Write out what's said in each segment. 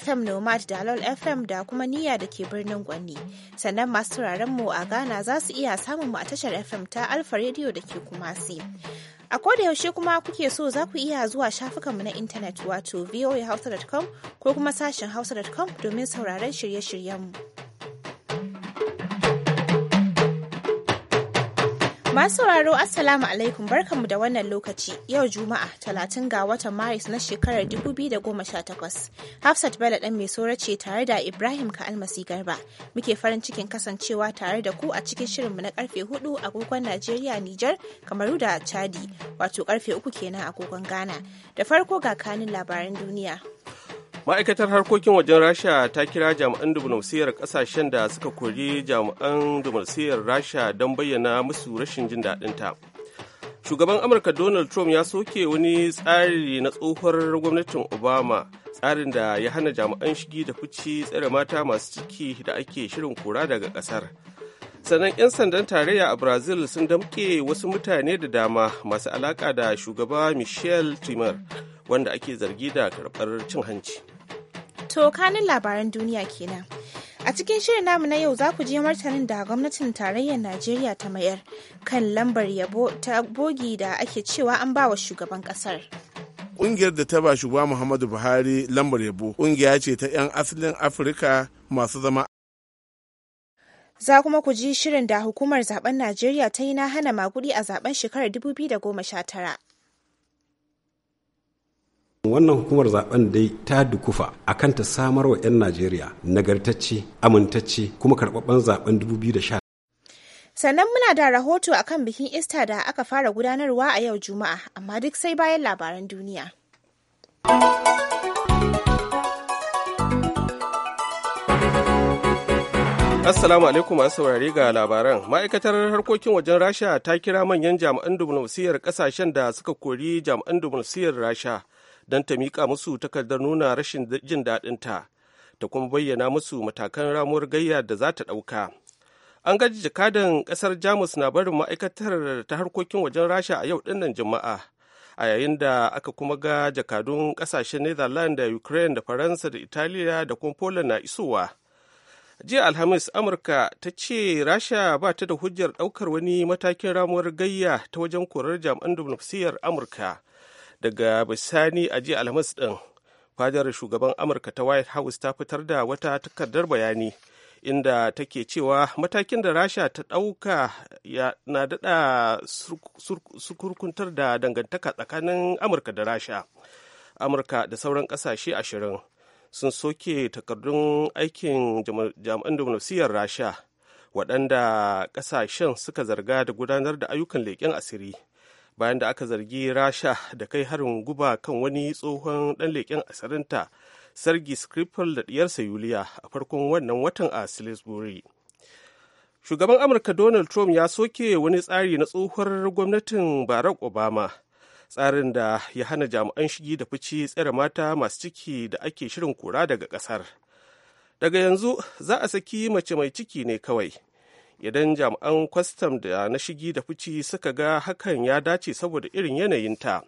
FM Nomad da Alol FM da kuma Niyya da ke birnin Gwanni. Sannan masu mu a Ghana za su iya samun mu a tashar FM ta Alfa Radio da ke Kumasi. A koda yaushe kuma kuke so za ku iya zuwa shafukanmu na intanet wato voahausa.com ko kuma sashen hausa.com domin sauraron shirye-shiryenmu. Masu sauraro Assalamu alaikum barkanmu da wannan lokaci yau Juma'a talatin ga watan Maris na shekarar 2018. Hafsat Bello dan mai sora ce tare da Ibrahim Ka'almasi Garba. Muke farin cikin kasancewa tare da ku a cikin shirinmu na karfe 4 agogon Najeriya Nijar Kamaru da Chadi wato karfe 3 kenan agogon Ghana. Da farko ga kanin labaran duniya. ma'aikatar harkokin wajen rasha ta kira jami'an diflomasiyyar kasashen da suka kori jami'an diflomasiyyar rasha don bayyana musu rashin jin daɗinta shugaban amurka donald trump ya soke wani tsari na tsohuwar gwamnatin obama tsarin da ya hana jami'an shigi da fici tsare mata masu ciki da ake shirin kura daga ƙasar sannan 'yan sandan tarayya a brazil sun damke wasu mutane da dama masu alaƙa da shugaba michel timar wanda ake zargi da karbar cin hanci to kanin labaran duniya kenan a cikin shirin namu na yau za ku je martanin da gwamnatin tarayyar najeriya ta mayar kan lambar yabo ta bogi da ake cewa an ba wa shugaban kasar Ƙungiyar da ta ba shugaba muhammadu buhari lambar yabo ƙungiya ce ta 'yan asalin afirka masu zama Za kuma ku ji shirin da hukumar zaben Najeriya ta yi na hana maguɗi a zaben shekarar 2019. wannan hukumar zaben dai ta dukufa a kan ta samar wa 'yan najeriya nagartacce amintacce kuma karɓaɓɓen zaben 2019 sannan muna da rahoto akan bikin ista da aka fara gudanarwa a yau juma'a amma duk sai bayan labaran duniya. Assalamu alaikum masu saurare ga labaran. Ma'aikatar harkokin wajen Rasha ta kira manyan jami'an diflomasiyyar kasashen da suka kori jami'an diflomasiyyar Rasha don ta miƙa musu takardar nuna rashin jin daɗinta ta, ta kuma bayyana musu matakan ramuwar gayya da za ta ɗauka. An gaji jakadan ƙasar Jamus na barin ma'aikatar ta harkokin wajen Rasha a yau ɗinnan Juma'a. A yayin da aka kuma ga jakadun ƙasashen Netherlands da Ukraine da Faransa da Italiya da kuma Poland na isowa. jiya alhamis amurka ta ce rasha ba ta da hujjar daukar wani matakin ramuwar gayya ta wajen korar jami'an diflomasiyyar amurka daga bisani a jiya alhamis din fadar shugaban amurka ta white house ta fitar da wata takardar bayani inda take cewa matakin da rasha ta dauka na dada sukurkuntar da dangantaka tsakanin amurka da rasha amurka da sauran kasashe ashirin sun soke takardun aikin jami'an diflomasiyyar rasha waɗanda ƙasashen suka zarga da gudanar da ayyukan leƙen asiri bayan da aka zargi rasha da kai harin guba kan wani tsohon ɗan leƙen asirinta sargi skripal da ɗiyarsa yuliya a farkon wannan watan a salisbury shugaban amurka donald trump ya soke wani tsari na tsohuwar gwamnatin barack obama tsarin da ya hana jami'an shigi da fici tsare mata masu ciki da ake shirin kura daga ƙasar daga yanzu za a saki mace mai ciki ne kawai idan jami'an kwastam da na shigi da fici suka ga hakan ya dace saboda irin yanayinta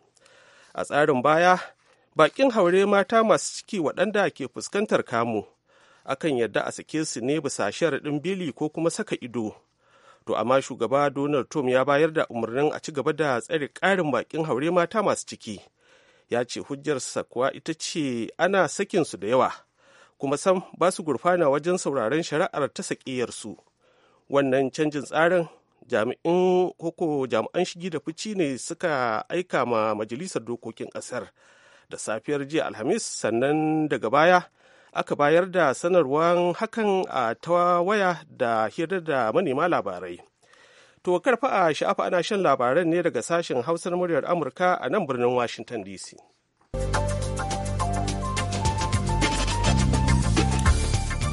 a tsarin baya bakin haure mata masu ciki waɗanda ke fuskantar kamu akan yadda a sake su ne bisa sharaɗin bili ko kuma saka ido to amma shugaba donald trump ya bayar da umarnin a ci gaba da tsare ƙarin bakin haure mata masu ciki ya ce hujjarsa kuwa ita ce ana sakinsu da yawa kuma sam ba su gurfana wajen sauraron shari'ar ta sakiyarsu wannan canjin tsarin jami'in koko jami'an shigi da fici ne suka aika ma majalisar dokokin ƙasar da safiyar jiya alhamis sannan daga baya aka bayar da sanarwar hakan a ta waya da hirar da manema labarai to karfa a sha'afa ana shan labaran ne daga sashen hausar muryar amurka a nan birnin washington dc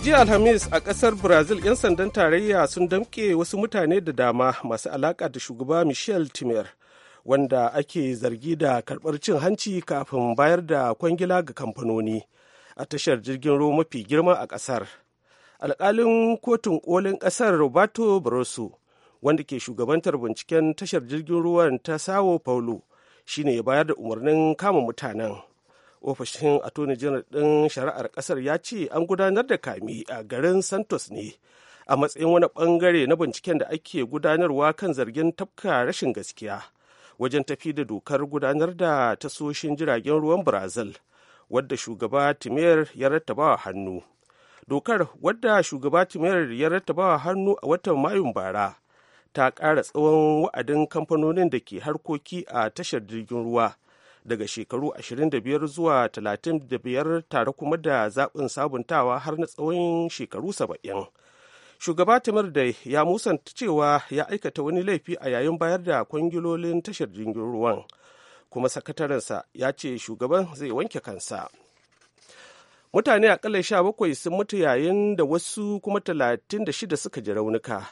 jiya alhamis a kasar brazil 'yan sandan tarayya sun damke wasu mutane da dama masu alaka da shugaba michel timer wanda ake zargi da karbar cin hanci kafin bayar da kwangila ga kamfanoni a tashar jirgin ruwa mafi girma a ƙasar Alƙalin kotun Ƙolin ƙasar roberto barroso wanda ke shugabantar binciken tashar jirgin ruwan ta sao paulo shine ya bayar da umarnin kama mutanen ofishin Atoni Janar ɗin shari'ar ƙasar ya ce an gudanar da kami a garin santos ne a matsayin wani ɓangare na binciken da ake gudanarwa kan zargin tafka rashin gaskiya wajen tafi da dokar gudanar da tasoshin jiragen ruwan brazil wadda shugaba timiyar ya rattabawa hannu dokar wadda shugaba timiyar ya rattabawa hannu a watan mayun bara ta ƙara tsawon wa'adin kamfanonin da ke harkoki a tashar jirgin ruwa daga shekaru 25 zuwa 35 tare kuma da zaɓin sabuntawa har na tsawon shekaru 70. Shugaba Timir da ya musanta cewa ya aikata wani laifi a yayin bayar da kwangilolin tashar jirgin ruwan kuma sakatarensa ya ce shugaban zai wanke kansa mutane akalla sha bakwai sun mutu yayin da wasu kuma talatin da shida suka ji raunuka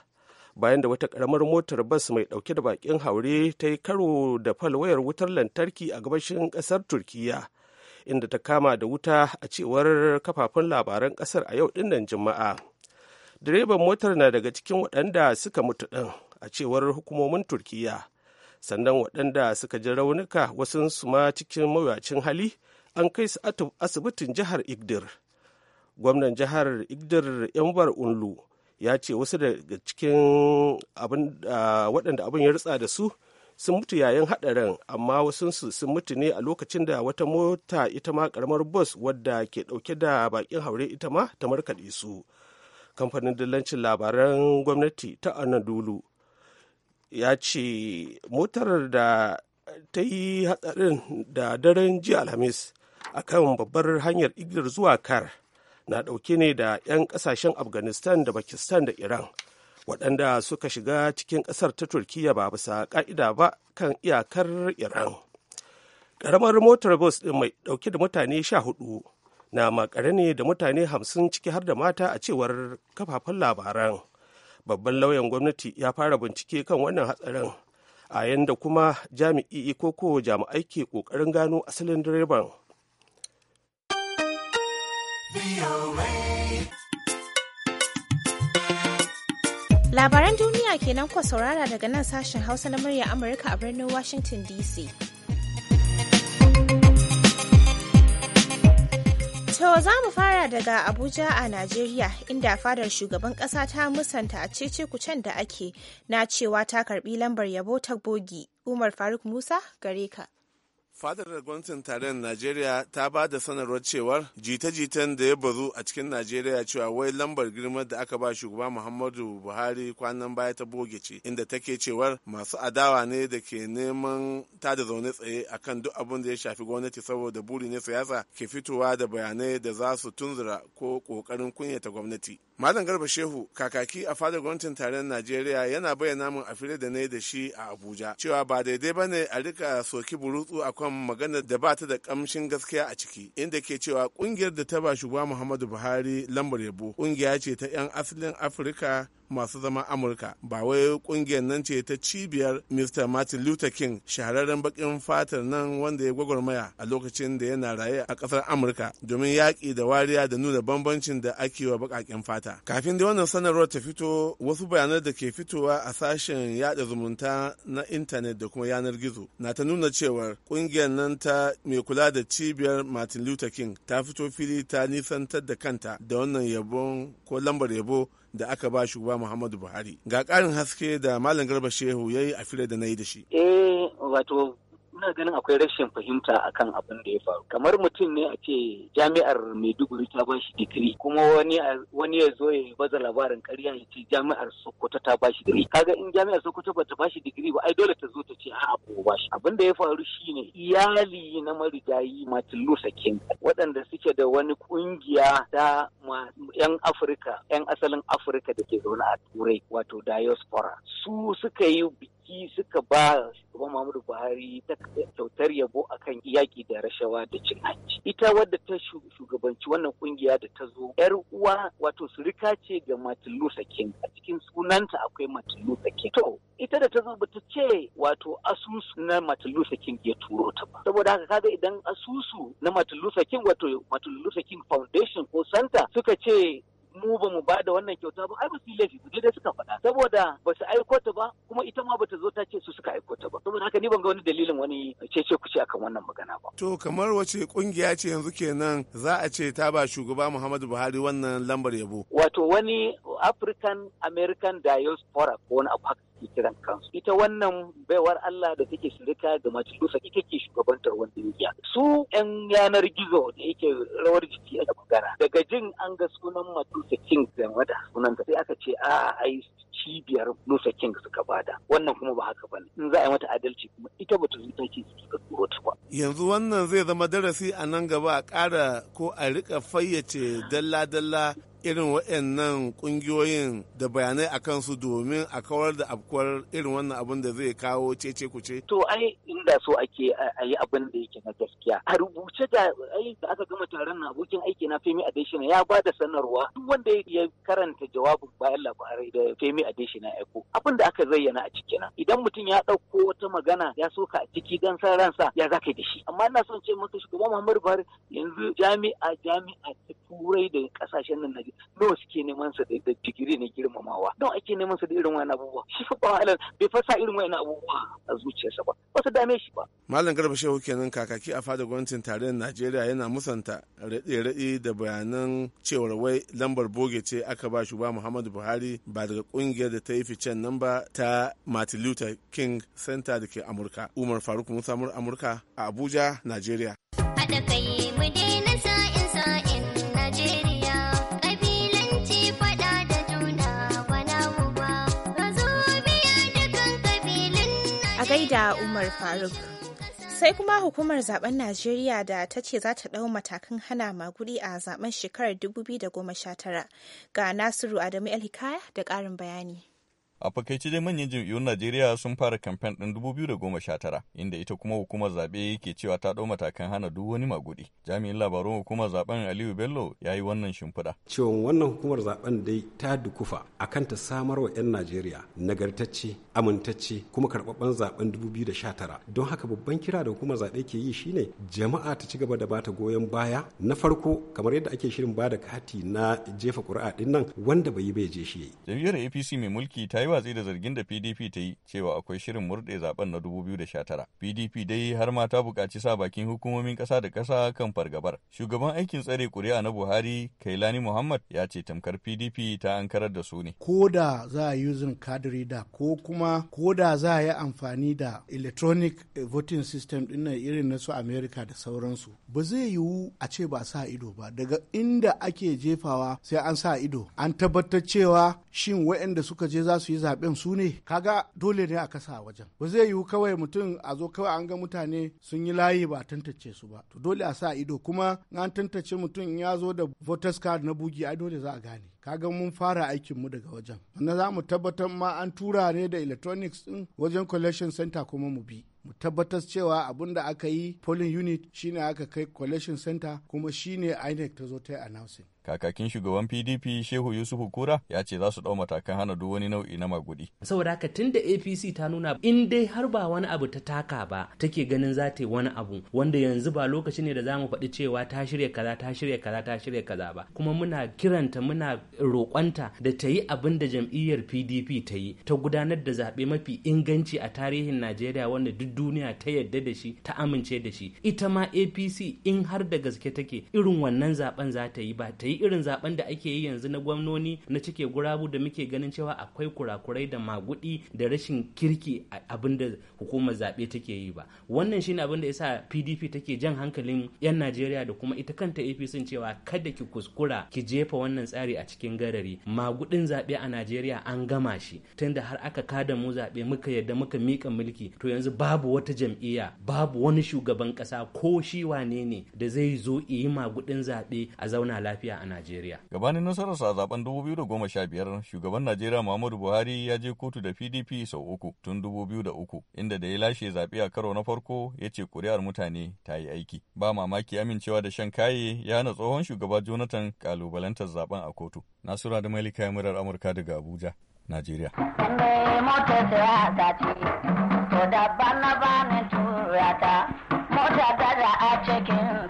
bayan da wata karamar motar bas mai dauke da bakin haure ta yi karo da falwayar wutar lantarki a gabashin kasar turkiya inda ta kama da wuta a cewar kafafen labaran kasar a yau dinnan juma'a direban motar na daga cikin waɗanda suka mutu ɗin a cewar hukumomin turkiya sannan waɗanda suka ji raunuka wasu ma cikin mawuyacin hali an kai su asibitin jihar igdir gwamnan jihar igdir yanbar unlu ya ce wasu daga cikin waɗanda abin ya ritsa da su sun mutu yayin haɗarin amma wasu sun mutu ne a lokacin da wata mota ita ma karamar bus wadda ke ɗauke da baƙin haure ita ma ta markaɗe su kamfanin dillancin labaran gwamnati ta anadolu ya ce motar da ta yi hatsarin da daren jiya alhamis a kan babbar hanyar igiyar zuwa kar na ɗauke ne da 'yan ƙasashen afghanistan da pakistan da iran waɗanda suka shiga cikin ƙasar ta Turkiyya ba bisa ƙa'ida ba kan iyakar iran ƙaramar motar bus ɗin mai ɗauke da mutane sha hudu na makare ne da mutane hamsin ciki har da mata a cewar kafafen labaran babban lauyan gwamnati ya fara bincike kan wannan hatsarin a yanda kuma jami'i ko koko jami'ai ke ƙoƙarin gano asalin direban labaran duniya kenan ko saurara daga nan sashen hausa na murya amurka a birnin washington dc To za mu fara daga Abuja a Najeriya inda fadar shugaban ƙasa ta musanta a cece kucen da ake na cewa ta karbi lambar yabo ta bogi. Umar Faruk Musa gare ka. fadar gwamnatin tarayyar najeriya ta ba da sanarwar cewar jita-jitan da ya bazu a cikin najeriya cewa wai lambar girma da aka ba shugaba muhammadu buhari kwanan baya ta boge ce inda take cewar masu adawa ne da ke neman ta da zaune tsaye akan duk abin da ya shafi gwamnati saboda buri ne siyasa ke fitowa da bayanai da za su tunzura ko kokarin kunyata gwamnati malam garba shehu kakaki a fadar gwamnatin tarayyar najeriya yana bayyana min a fire da ne da shi a abuja cewa ba daidai ba ne a rika soki burutsu akan kan maganar da ba ta da kamshin gaskiya a ciki inda ke cewa kungiyar da ta ba shugaba Muhammadu Buhari lambar yabo kungiya ce ta 'yan asalin Afirka masu zama amurka ba wai kungiyar nan ce ta cibiyar mr martin luther king shahararren bakin fatar nan wanda ya gwagwarmaya a lokacin da yana raye a kasar amurka domin yaƙi da wariya da nuna bambancin da ake wa baƙaƙen fata kafin da wannan sanarwar ta fito wasu bayanan da ke fitowa a sashen yada zumunta na intanet da kuma yanar gizo na ta nuna cewar kungiyar nan ta mai kula da cibiyar martin luther king ta fito fili ta nisantar da kanta da wannan yabon ko lambar yabo da aka ba shugaba Muhammadu Buhari. Ga ƙarin haske da Malam Garba Shehu ya yi a fira da na yi da shi. Eh, wato ina ganin akwai rashin fahimta akan abin da ya faru kamar mutum ne a ce jami'ar maiduguri ta ba shi digiri kuma wani ya zo ya baza labarin karya ya ce jami'ar sokoto ta ba shi digiri kaga in jami'ar sokoto ba ta ba shi digiri ba ai dole ta zo ta ce a'a ko ba shi abin da ya faru shine iyali na marigayi martin luther king waɗanda suke da wani kungiya ta yan afirka yan asalin afirka da ke zaune a turai wato diaspora su suka yi baki suka ba shugaban Muhammadu Buhari ta kyautar yabo akan yaƙi da rashawa da cin hanci. Ita wadda ta shugabanci wannan kungiya da ta zo yar uwa wato surika ce ga Martin Luther King a cikin sunanta akwai Martin Luther King. To ita da ta zo bata ce wato asusu na Martin Luther King ya turo ta ba. Saboda haka kaga idan asusu na Martin Luther King wato Martin Luther King Foundation ko Santa suka ce mu ba mu bada wannan kyauta ba ai ba su laifi ba dai suka faɗa saboda ba su aiko ta ba kuma ita ma ba ta zo ta ce su suka aiko ta ba saboda haka ni ban ga wani dalilin wani cece kuce akan wannan magana ba to kamar wace kungiya ce yanzu kenan za a ce ta ba shugaba Muhammadu Buhari wannan lambar yabo wato wani African American Diaspora ko wani abu haka kiran kansu ita wannan baiwar Allah da take shirika da majalisa ita ke shugabantar wannan giya su yan yanar gizo da yake rawar jiki a magana daga jin an ga sunan majalusa king game Sunan ta sai aka ce a ah, ai cibiyar musa King suka bada wannan kuma ba haka bane in za a yi mata adalci kuma ita ba ta zuta ce suka ba yanzu wannan zai zama darasi a nan gaba a ƙara ko a rika fayyace dalla dalla irin waɗannan ƙungiyoyin da bayanai a kansu domin a kawar da afkuwar irin wannan abin da zai kawo cece kuce? To ai inda so ake a yi abin da yake na gaskiya. A rubuce da ai da aka gama taron na abokin aiki na Femi Adesina ya ba da sanarwa duk wanda ya karanta jawabin bayan labarai da Femi Adesina ya ko abin da aka zayyana a ciki Idan mutum ya ɗauko wata magana ya soka a ciki don san ransa ya za da shi. Amma ina son ce maka shugaban Muhammadu Buhari yanzu jami'a jami'a ta turai da ƙasashen nan digiri nawa suke neman sa da digiri na girmamawa nawa ake neman sa da irin wani abubuwa shi fa ba bai fasa irin wani abubuwa a zuciyarsa ba ba su dame shi ba malam garba shehu kenan kakaki a fadar gwamnatin tarayyar najeriya yana musanta raɗe-raɗe da bayanan cewar wai lambar boge ce aka ba shugaba muhammadu buhari ba daga kungiyar da ta yi ficen nan ba ta martin luther king center da ke amurka umar faruk musa amurka a abuja najeriya haɗa kai mu daina sa'in sa'in najeriya Umar Faruk. Sai kuma hukumar zaben Najeriya da ta ce za ta ɗau matakan hana maguri a zaben shekarar 2019 ga Nasiru Adamu Elhikaya da ƙarin bayani. A fakaice dai manyan jam'iyyun Najeriya sun fara kamfen ɗin 2019 inda ita kuma hukumar zaɓe ke cewa ta ɗau matakan hana duk wani maguɗi. Jami'in labarun hukumar zaɓen Aliyu Bello ya yi wannan shimfiɗa. Cewa wannan hukumar zaɓen dai ta dukufa a kan ta samar wa 'yan Najeriya nagartacce, amintacce kuma karɓaɓɓen zaɓen 2019. Don haka babban kira da hukumar zaɓe ke yi shine jama'a ta ci gaba da bata goyon baya. Na farko kamar yadda ake shirin bada kati na jefa ƙuri'a ɗin nan wanda bai yi bai je shi yayi. Jam'iyyar APC mai mulki ta yi watsi da zargin da PDP ta yi cewa akwai shirin murɗe zaben na 2019. PDP dai har ma ta buƙaci sa bakin hukumomin ƙasa da ƙasa kan fargabar. Shugaban aikin tsare ƙuri'a na Buhari, Kailani Muhammad ya ce tamkar PDP ta ankarar da su ne. Ko da za a zin kadiri da ko kuma ko da za a yi amfani da electronic voting system ɗin nan irin na su America da sauransu. Ba zai yiwu a ce ba sa ido ba daga inda ake jefawa sai an sa ido an tabbatar cewa shin waɗanda suka je za su yi zaben su ne kaga dole ne a kasa a wajen ba zai yiwu kawai mutum a zo kawai an ga mutane sun yi layi ba tantance su ba to dole a sa ido kuma an tantance mutum in ya zo da voters card na bugi ai dole za a gane kaga mun fara aikin mu daga wajen na za mu tabbatar ma an tura ne da electronics din wajen collection center kuma mu bi mu tabbatar cewa abin da aka yi polling unit shine aka kai collection center kuma shine inec ta zo ta yi announcing kakakin shugaban pdp shehu yusufu kura ya ce za su ɗau matakan hana duk wani nau'i na magudi saboda haka tun da apc ta nuna in dai har ba wani abu ta taka ba take ganin za ta yi wani abu wanda yanzu ba lokaci ne da za mu faɗi cewa ta shirya kaza ta shirya kaza ta shirya kaza ba kuma muna kiranta muna roƙonta da ta yi abin da jam'iyyar pdp ta yi ta gudanar da zaɓe mafi inganci a tarihin najeriya wanda duk duniya ta yarda da shi ta amince da shi ita ma apc in har da gaske take irin wannan zaɓen za ta yi ba ta yi irin zaben da ake yi yanzu na gwamnoni na cike gurabu da muke ganin cewa akwai kurakurai da magudi da rashin kirki abin da hukumar zaɓe take yi ba wannan shine abin da yasa pdp take jan hankalin 'yan najeriya da kuma ita kanta apc cewa kada ki kuskura ki jefa wannan tsari a cikin garari magudin zaɓe a najeriya an gama shi tunda har aka kada mu zaɓe muka yadda muka miƙa mulki to yanzu babu wata jam'iyya babu wani shugaban ƙasa ko shi wane ne da zai zo yi magudin zaɓe a zauna lafiya a Najeriya. Gabanin nasararsa a zaben 2015 shugaban Najeriya Muhammadu Buhari ya je kotu da PDP sau uku tun 2003 inda da ya lashe zaɓe a karo na farko ya ce kuri'ar mutane ta yi aiki. Ba mamaki amincewa da shan kaye ya hana tsohon shugaba Jonathan kalubalantar zaben a kotu. Nasura da Malika ya murar Amurka daga Abuja, Najeriya. motar mota da a cikin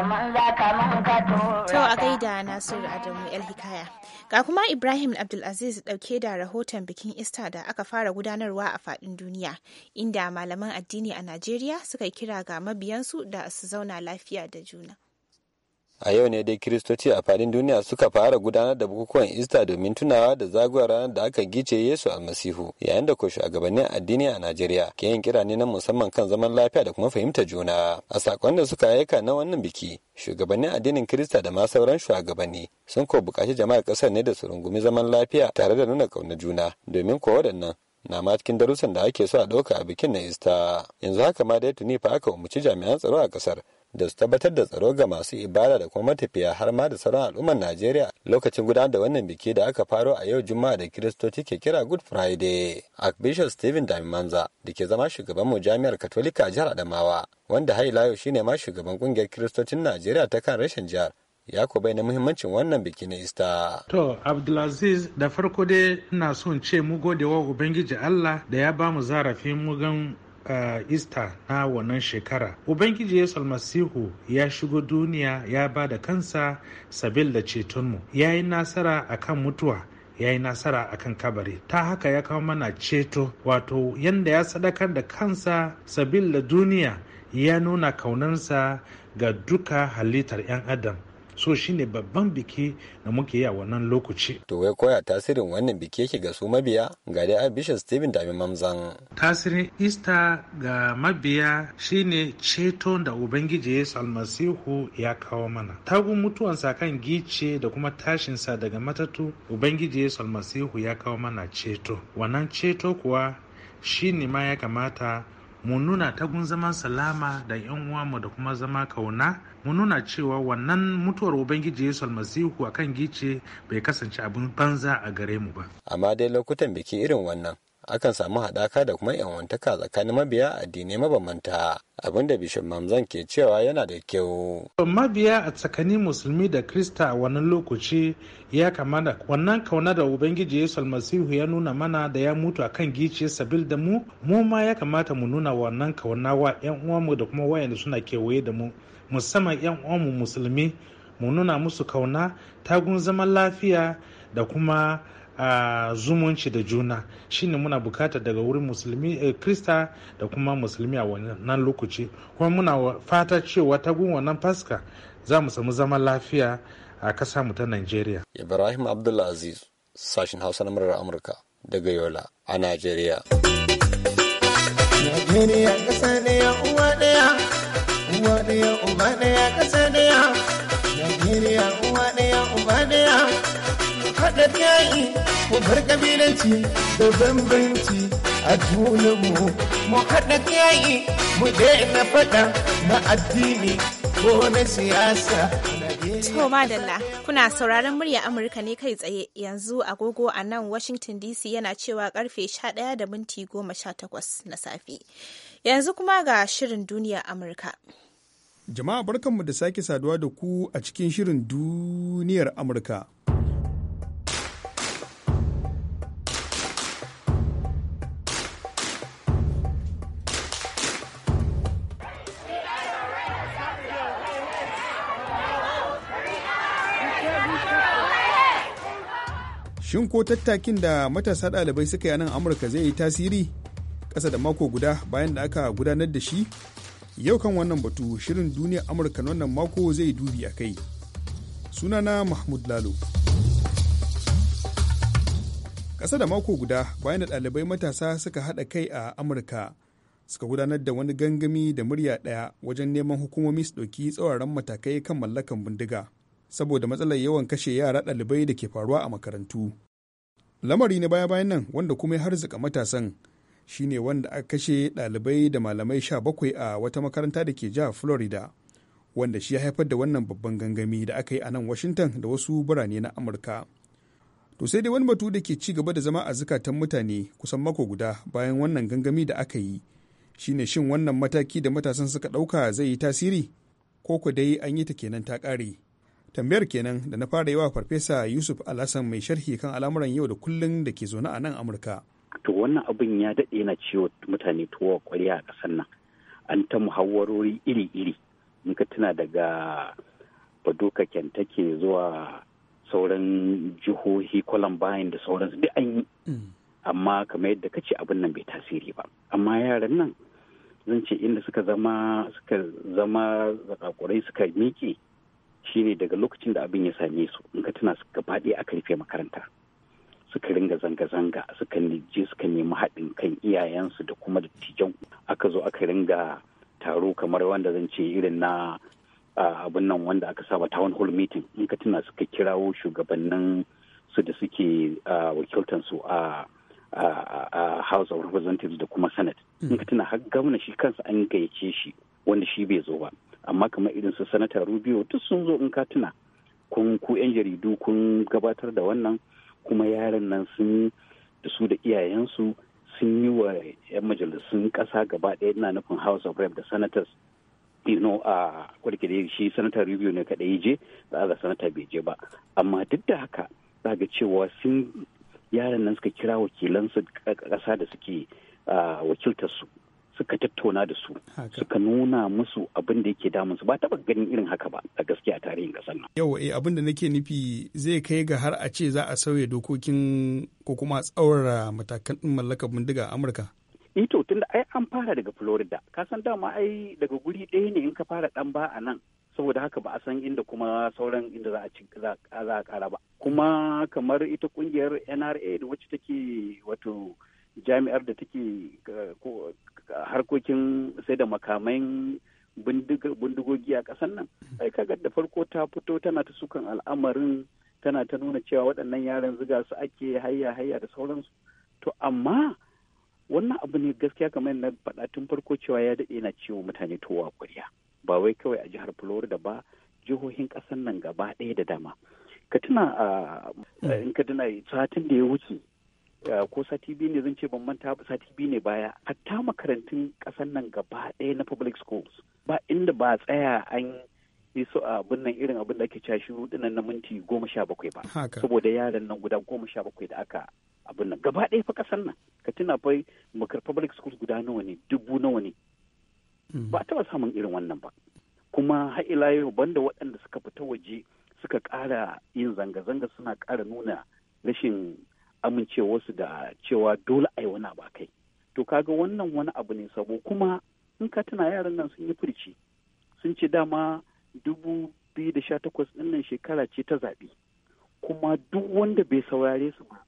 Tau a gaida Nasiru Adamu El Hikaya. Ga kuma Ibrahim Abdulaziz ɗauke da rahoton bikin Ista da aka fara gudanarwa a faɗin duniya, inda malaman addini a Najeriya suka kira ga mabiyansu da su zauna lafiya da juna. a yau ne dai kiristoci a fadin duniya suka fara gudanar da bukukuwan ista domin tunawa da zagayowar ranar da aka gice yesu a masihu yayin da ko shugabannin addini a najeriya ke yin kira ne na musamman kan zaman lafiya da kuma fahimta juna a sakon da suka aika na wannan biki shugabannin addinin kirista da ma sauran shugabanni sun ko bukaci jama'ar kasar ne da su rungumi zaman lafiya tare da nuna kauna juna domin ko waɗannan na ma cikin darussan da ake so a ɗauka a bikin na ista yanzu haka ma dai tuni fa aka umarci jami'an tsaro a kasar. da su tabbatar da tsaro ga masu ibada da kuma matafiya har ma da sauran al'ummar Najeriya lokacin gudanar da wannan biki da aka faro a yau Juma'a da Kiristoci ke kira Good Friday. Archbishop Stephen Damimanza da ke zama shugaban mu jami'ar Katolika a jihar Adamawa wanda har layo yau shine ma shugaban kungiyar Kiristocin Najeriya ta kan rashin jihar ya ku na muhimmancin wannan biki na ista. To, Abdulaziz da farko dai ina son ce mu gode wa Ubangiji Allah da ya ba mu zarafin mu gan Ista uh, na wannan shekara. Ubangiji Yesu Almasihu ya shigo duniya ya ba da kansa sabil da cetonmu, ya yi nasara a kan mutuwa. ya yi nasara a kan kabari ta haka ya kawo mana ceto wato yanda ya sadakar da kansa sabil da duniya ya nuna kaunansa ga duka halittar 'yan adam so shine babban biki da muke yi a wannan lokaci to wai koya tasirin wannan biki yake ga su mabiya ga dai bishop stephen dami mamzan tasirin Easter ga mabiya shine ceto da ubangiji yesu almasihu ya kawo mana tagun mutuwansa kan gice da kuma tashinsa daga matatu ubangiji yesu almasihu ya kawo mana ceto wannan ceto kuwa shi ne ma ya kamata mu nuna tagun zaman salama da yan uwanmu da kuma zama kauna mu nuna cewa wannan mutuwar ubangiji yesu almasihu akan gice bai kasance abin banza a gare mu ba amma dai lokutan biki irin wannan akan samu haɗaka da kuma yanwantaka tsakanin mabiya addinai mabambanta abinda bishop mamzan ke cewa yana da kyau. mabiya a tsakanin musulmi da krista a wannan lokaci ya kamata wannan kauna da ubangiji yesu almasihu ya nuna mana da ya mutu akan gice sabil da mu mu ma ya kamata mu nuna wannan kauna wa yan uwanmu da kuma wayanda suna kewaye da mu musamman yan uwanmu musulmi mu nuna musu kauna tagun zaman lafiya da kuma a zumunci da juna shine muna bukata daga wurin musulmi eh, krista da kuma musulmi a wannan lokaci kuma muna fata cewa ta gun wannan faska za mu samu zaman lafiya a kasa mu ta nigeria ibrahim abdulaziz sashen hausa na murar amurka daga yola a nigeria Nigeria ƙasa ya uwa ɗaya uwa ɗaya uba ɗaya haɗa yayi mu bar ƙabilanci da bambanci a junanmu mu haɗa yayi mu daina faɗa na addini ko na siyasa To madalla kuna sauraron murya Amurka ne kai tsaye yanzu agogo a nan Washington DC yana cewa karfe 11 da minti 18 na safe. Yanzu kuma ga shirin duniya Amurka. Jama'a barkanmu da sake saduwa da ku a cikin shirin duniyar Amurka. Shin ko tattakin da matasa ɗalibai suka yi a nan Amurka zai yi tasiri? Ƙasa da mako guda bayan da aka gudanar da shi? Yau kan wannan batu shirin duniya Amurka wannan mako zai dubi a kai. Sunana Mahmud Lalo. Ƙasa da mako guda bayan da ɗalibai matasa suka haɗa kai a Amurka suka gudanar da wani gangami da murya ɗaya wajen neman hukumomi su ɗauki tsawaran matakai kan mallakan bindiga. saboda matsalar yawan kashe yara ɗalibai da ke faruwa a makarantu lamari na baya-bayan nan wanda kuma ya harzuka matasan shi ne wanda aka kashe ɗalibai da malamai sha bakwai a wata makaranta da ke jihar florida wanda shi ya haifar da wannan babban gangami da aka yi a nan washington da wasu birane na amurka to sai dai wani batu da ke ci gaba da zama a zukatan mutane kusan mako guda bayan wannan gangami da aka yi shi ne shin wannan mataki da matasan suka ɗauka zai yi tasiri ko ku dai an yi ta kenan ta ƙare tambayar kenan da na fara yi wa farfesa yusuf alhassan mai sharhi kan al'amuran yau da kullun da ke zaune a nan amurka to wannan abin ya daɗe na ciwo mutane tuwa kwarya a ƙasar nan an ta muhawarori iri-iri in ka tuna daga badoka ke zuwa sauran jihohi bayan da sauransu duk an yi mm. amma kamar yadda ka ce abin nan bai tasiri ba amma yaran nan zan ce inda suka zama suka zama zakakurai suka miƙe shine daga lokacin da abin ya same su in ka tuna suka faɗi a karfe makaranta suka ringa zanga-zanga suka je suka nemi haɗin kan iyayensu da kuma dattijan aka zo aka ringa taro kamar wanda zan ce irin na abin nan wanda aka saba town hall meeting in ka tuna suka kirawo shugabannin su da suke su a house of representatives da kuma senate in ka tuna har gwamna shi kansa an gayyace shi wanda shi bai zo ba amma kamar irin su sanata rubio duk sun zo in ka tuna kun ku yan jaridu kun gabatar da wannan kuma yaran nan sun da su da iyayensu sun yi wa 'yan majalisun ƙasa gaba ɗaya na nufin house of rep da senators you know a kwarke da shi sanata rubio ne kaɗai je za a ga sanata bai je ba amma duk da haka za ga cewa sun yaran nan suka kira wakilansu ƙasa da suke wakiltar su suka tattauna da su suka nuna musu abin da yake damun su ba taba ganin irin haka ba a gaskiya tarihin kasar nan yau eh abin da nake nufi zai kai ga har a ce za a sauya dokokin ko kuma tsaurara matakan din mallakar bindiga a Amurka ito eh tunda ai an fara daga Florida ka san dama ai daga guri ɗaya ne in ka fara dan ba a nan saboda haka ba a san inda kuma sauran inda za a ci za a kara ba kuma kamar ita kungiyar NRA da wacce take wato jami'ar da take eh, harkokin sai da makamai bindigogi a ƙasar nan hmm. ai kaga da farko ta fito tana ta sukan al'amarin tana ta nuna cewa waɗannan yaran ziga su ake hayya hayya da sauransu to amma wannan abu ne gaskiya kamar na faɗa tun farko cewa ya daɗe na ciwo mutane towa ƙwarya ba wai kawai a jihar Florida ba jihohin ƙasar nan gaba ɗaya da dama ka tuna a ah, hmm. in ka tuna satin da ya wuce Eh, ko sati biyu ne zan ce ban manta sati biyu ne baya hatta makarantun ƙasan nan gaba ɗaya na public schools ba inda ba tsaya an yi su abin nan irin abin da ake cewa shiru dinan na minti goma sha bakwai ba saboda yaran nan guda goma sha bakwai da aka abin nan gaba ɗaya fa kasan nan ka tuna fai makar public schools guda nawa ne dubu nawa ne hmm. ba a taɓa samun irin wannan ba kuma har ila yau banda waɗanda suka fita waje suka ƙara yin zanga-zanga suna ƙara nuna rashin amincewarsu da cewa dole a yi wani abu kai to kaga wannan wani abu ne sabo kuma in ka tuna yaran nan sun yi furci sun ce dama dubu biyu da sha takwas ɗin nan shekara ce ta zaɓe kuma duk wanda bai saurare su ba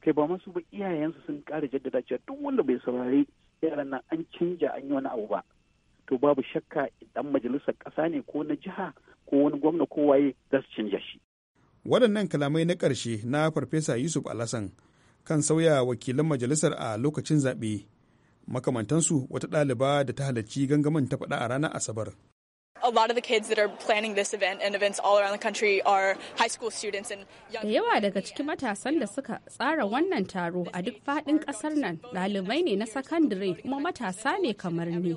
kai ba masu ba iyayensu sun ƙara jaddada cewa duk wanda bai saurare yaran nan an canja an yi wani abu ba to babu shakka idan majalisar ƙasa ne ko na jiha ko wani gwamna kowaye za su canja shi waɗannan kalamai na ƙarshe na farfesa yusuf alasan kan sauya wakilan majalisar a lokacin zaɓe makamantansu wata ɗaliba da ta halarci gangamin ta faɗa a ranar asabar a lot of the kids that are planning this event and events all yawa daga cikin matasan da suka tsara wannan taro a duk faɗin ƙasar nan ɗalibai ne na sakandare kuma matasa ne kamar ni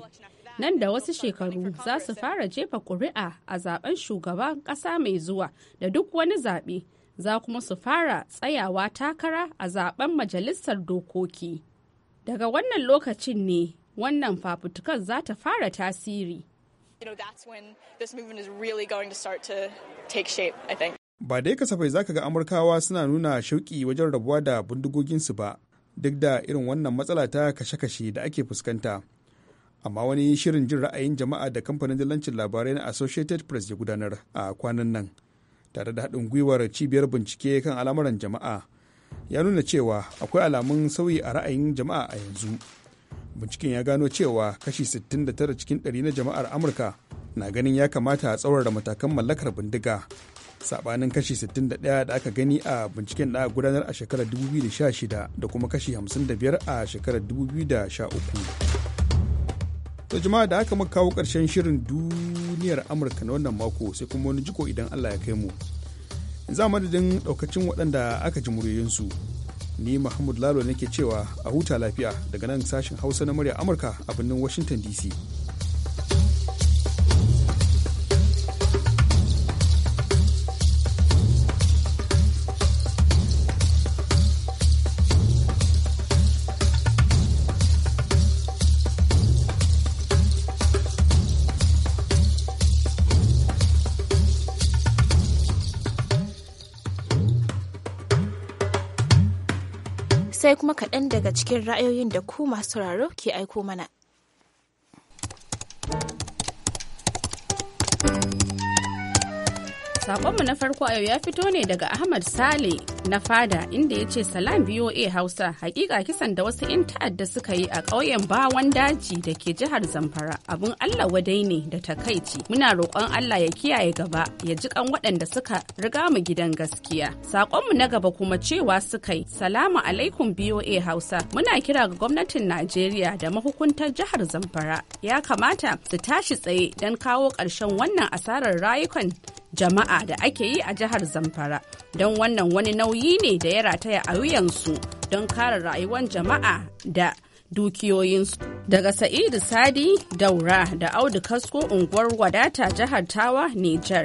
nan da wasu shekaru za su fara jefa kuri'a a zaben shugaban ƙasa mai zuwa da duk wani zaɓe za kuma su fara tsayawa takara a zaben majalisar dokoki daga wannan lokacin ne wannan fafutukar za ta fara tasiri ba dai kasafai ka ga amurkawa suna nuna shauƙi wajen rabuwa da bindigoginsu ba duk da irin wannan matsala ta kashe-kashe da ake fuskanta amma wani shirin jin ra'ayin jama'a da kamfanin dillancin labarai na associated press ya gudanar a kwanan nan tare da haɗin gwiwar cibiyar bincike kan al'amuran jama'a ya nuna cewa akwai alamun sauyi a ra'ayin jama'a a yanzu binciken ya gano cewa kashi 69 cikin 100 na jama'ar amurka na ganin ya kamata a tsaurara matakan mallakar bindiga sabanin kashi 61 da aka gani a binciken da gudanar a shekarar 2016 da kuma kashi 55 a shekarar 2013 To jama'a da aka muka kawo ƙarshen shirin duniyar Amurka na wannan mako sai kuma wani jiko idan Allah ya kai mu. Za madadin ɗaukacin waɗanda aka ji muryoyinsu. Ni Mahmud Lalo nake cewa a huta lafiya daga nan sashen Hausa na murya Amurka a birnin Washington DC. daga cikin ra'ayoyin da ku masu sauraro ke aiko mana. Sakonmu na farko a yau ya fito ne daga Ahmad Sale na fada inda ya ce salam BOA Hausa hakika kisan da wasu 'yan ta'adda suka yi a ƙauyen bawan daji da ke jihar Zamfara abun Allah wadai ne da takaici. Muna roƙon Allah ya kiyaye gaba ya ji kan waɗanda suka riga mu gidan gaskiya. Saƙonmu na gaba kuma cewa suka yi salamu alaikum BOA Hausa muna kira ga gwamnatin Najeriya da mahukuntar jihar Zamfara ya kamata su tashi tsaye don kawo ƙarshen wannan asarar rayukan jama'a da ake yi a jihar Zamfara don wannan wani nauyi ne da ya rataya a wuyansu don kare rayuwar jama'a da dukiyoyinsu. Daga Sa'idu Sadi Daura da Audu Kasko unguwar wadata jihar Tawa, Nijar.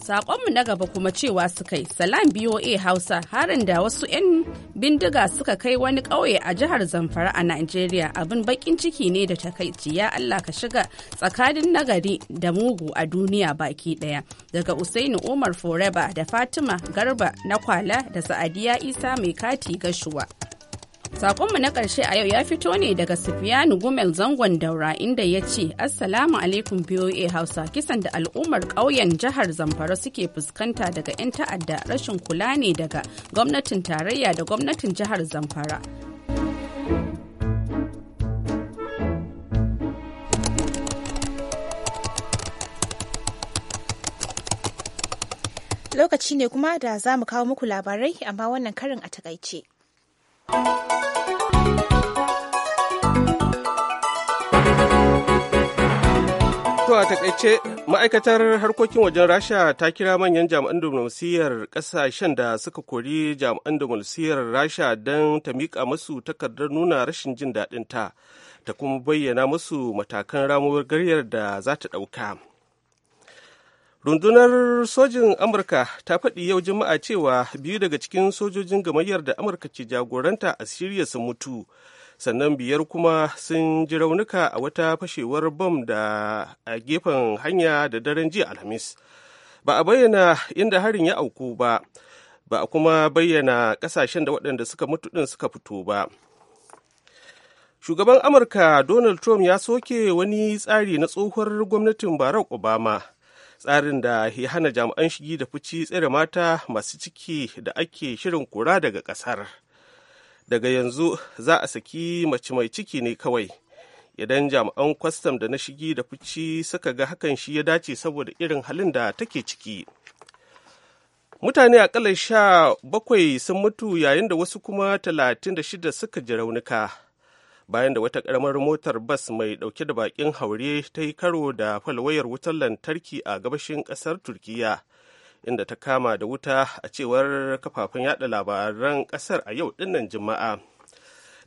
Sakonmu na gaba kuma cewa suka yi salam BOA Hausa harin da wasu 'yan bindiga suka kai wani ƙauye a jihar Zamfara a Najeriya abin bakin ciki ne da takaici ya Allah ka shiga tsakanin nagari da mugu a duniya baki ɗaya. Daga Usaini Umar Foreba da Fatima Garba na Kwala da Sa'adiya Isa mai kati gashuwa. Sakonmu na ƙarshe a yau ya fito ne daga Sufiyanu Gumel zangon daura inda ya ce, Assalamu alaikum BOA Hausa kisan da al'ummar ƙauyen jihar Zamfara suke fuskanta daga 'yan ta'adda rashin kula ne daga gwamnatin tarayya da gwamnatin jihar Zamfara. Lokaci ne kuma da za mu kawo muku labarai amma wannan karin a takaice. To a takaice ma'aikatar harkokin wajen Rasha ta kira manyan jami'an Dominosiyar ƙasashen da suka kori jami'an Dominosiyar Rasha don ta miƙa masu takardar nuna rashin jin daɗinta, ta ta kuma bayyana masu matakan ramuwar garyar da za ta ɗauka. rundunar sojin amurka ta faɗi yau juma'a cewa biyu daga cikin sojojin gamayyar da amurka ke jagoranta a siriya sun mutu sannan biyar kuma sun ji raunuka a wata fashewar bom da a gefen hanya da daren jiya alhamis ba a bayyana inda harin ya auku ba ba a kuma bayyana kasashen da waɗanda suka mutu ɗin suka fito ba shugaban amurka donald trump ya soke wani tsari na tsohuwar gwamnatin barack obama tsarin da ya hana jami'an shigi da fici tsere mata masu ciki da ake shirin kura daga ƙasar daga yanzu za a saki mace mai ciki ne kawai idan jami'an kwastam da na shigi da fici suka ga hakan shi ya dace saboda irin halin da take ciki mutane a akalla sha bakwai sun mutu yayin da wasu kuma talatin da shida suka ji raunuka bayan da wata karamar motar bas mai dauke da bakin haure ta yi karo da falwayar wutar lantarki a gabashin kasar turkiya inda ta kama da wuta a cewar kafafen yada labaran kasar a yau dinnan juma'a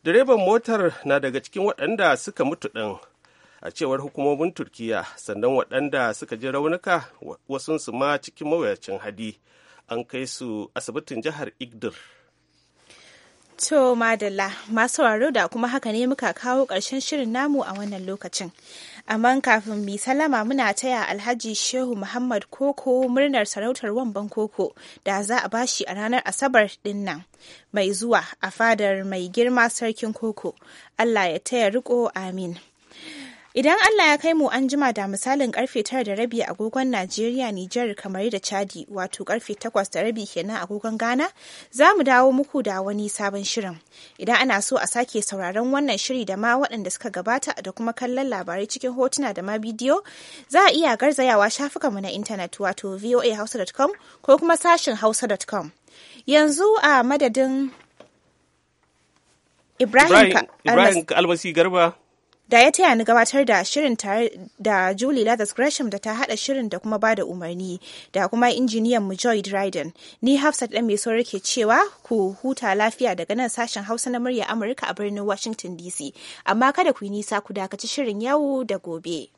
direban motar na daga cikin waɗanda suka mutu ɗin a cewar hukumomin turkiya sannan waɗanda suka ji raunuka wasunsu ma cikin mawuyacin hadi an kai su asibitin jihar igdir To madalla masu waro da kuma haka ne muka kawo ƙarshen shirin namu a wannan lokacin. Amma kafin mi salama muna taya Alhaji Shehu Muhammad Koko murnar sarautar wamban koko da za a bashi a ranar Asabar din nan mai zuwa a fadar mai girma sarkin koko. Allah ya taya riko amin. Idan Allah ya kai mu an jima da misalin karfe tara da rabi agogon Najeriya, Nijar, kamar da Chadi, wato karfe takwas da rabi kenan agogon Ghana, za mu dawo muku da wani sabon shirin. Idan ana so a sake sauraron wannan shiri da ma waɗanda suka gabata da kuma kallon labarai cikin hotuna da ma bidiyo, za a iya garzayawa shafukanmu na intanet wato voahausa.com ko kuma sashin hausa.com. Yanzu a madadin Ibrahim, Ibrahim Almasi Garba da ya taya ni gabatar da shirin tare da Julie Lathers Gresham da ta hada shirin da kuma bada umarni da kuma injiniyan mu Joy Dryden. Ni Hafsat dan mai sauri ke cewa ku huta lafiya daga nan sashen Hausa na murya Amurka a birnin Washington DC. Amma kada ku yi nisa ku dakaci shirin yau da gobe.